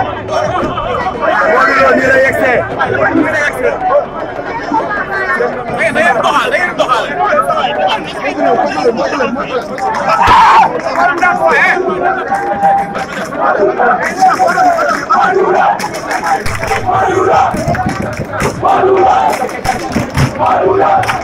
Modou Lo nii la yegsee nii la yegsee da ngeen doxal da ngeen doxal Modou Lo Modou Lo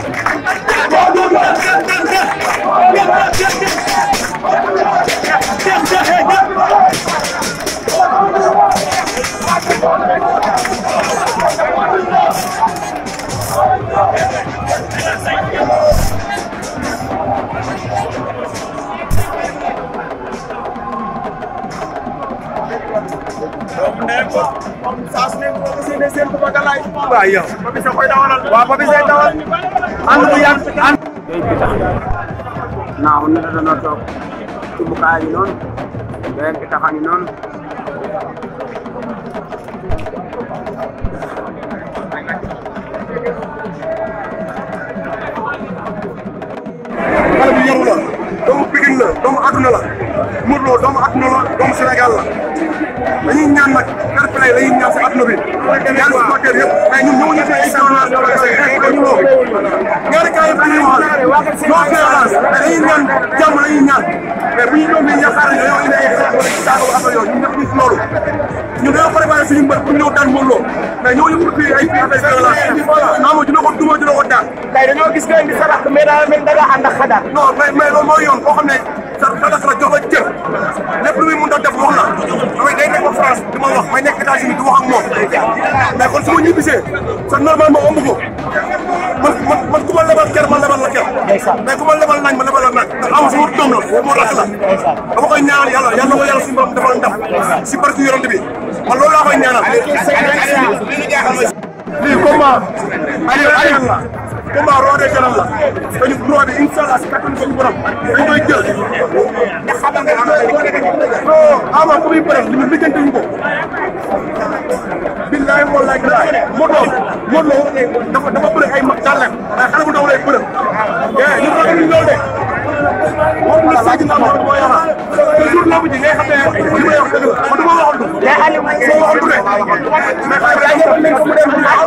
Baye Kumba Galaye. waaw yow. Papis da koy dawalal. waaw Papis day dawal. ànd bu yàgg ànd. day bitax naaw naka la doon toog cumbukaay yi noonu beneen bitax a ngi noonu. xale bu yaru la doomu Pikine la doomu adduna la Modou Lo doomu adduna la doomu Sénégal la dañuy ñaan nag fair play la ñuy ñaan ñaari supporter yëpp mais ñun ñëw ñu fi ay ñaan jàmm la ñuy ñaan mais bu ñu ñëw nii yaakaar nañu dañoo indi ay xeex wala ci saako affaire yooyu ñun ñëpp ñu si loolu ñun dañoo préparé suñu mbër pour ñëw daan da nga ànd mun a def la damay nekk États-Unis di wax ak moom mais kon su ma ñibbisee sax normalement ëmb ko man man man ku ma lebal kër ma lebal la kër mais ku ma lebal nañ ma lebal la nañ ndax am sama doom la sama rakk la dama koy ñaanal yàlla yàlla ko yàlla suñu borom defal ndam si barke yonent bi man loolu laa koy ñaanal lii combat Aliou Aliou la combat roode jalam la dañu roode incha allah si kattan suñu borom dañ koy jël non ama ku muy bëre li mu lijjanti ñu ko Modou Lo ay mag tàllam ay xale bu ndaw lay bërëm. waaw eh, ñu ragaluñ loolu de. moom la Sadio Ndao moo yàlla. te jour lamb ji ngay wax du ma waxoon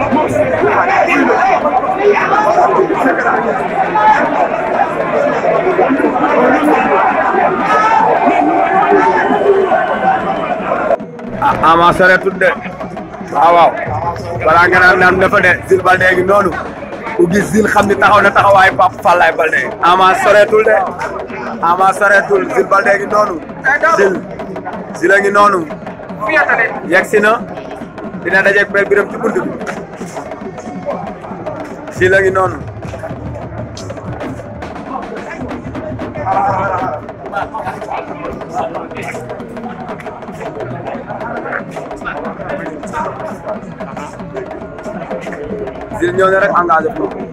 ama sareetut de waaw waaw balaa nga naan naan dafa de Zil Baldé gi noonu ku gis xam ni taxaw na taxawaayu Pape Fallaye Baldé ama sareetul de ama sareetul Zil Baldé gi noonu Zil Zil ngi noonu yegsi na dina dajeeg Père Birame ci bunt bi si la noonu si ñoo ne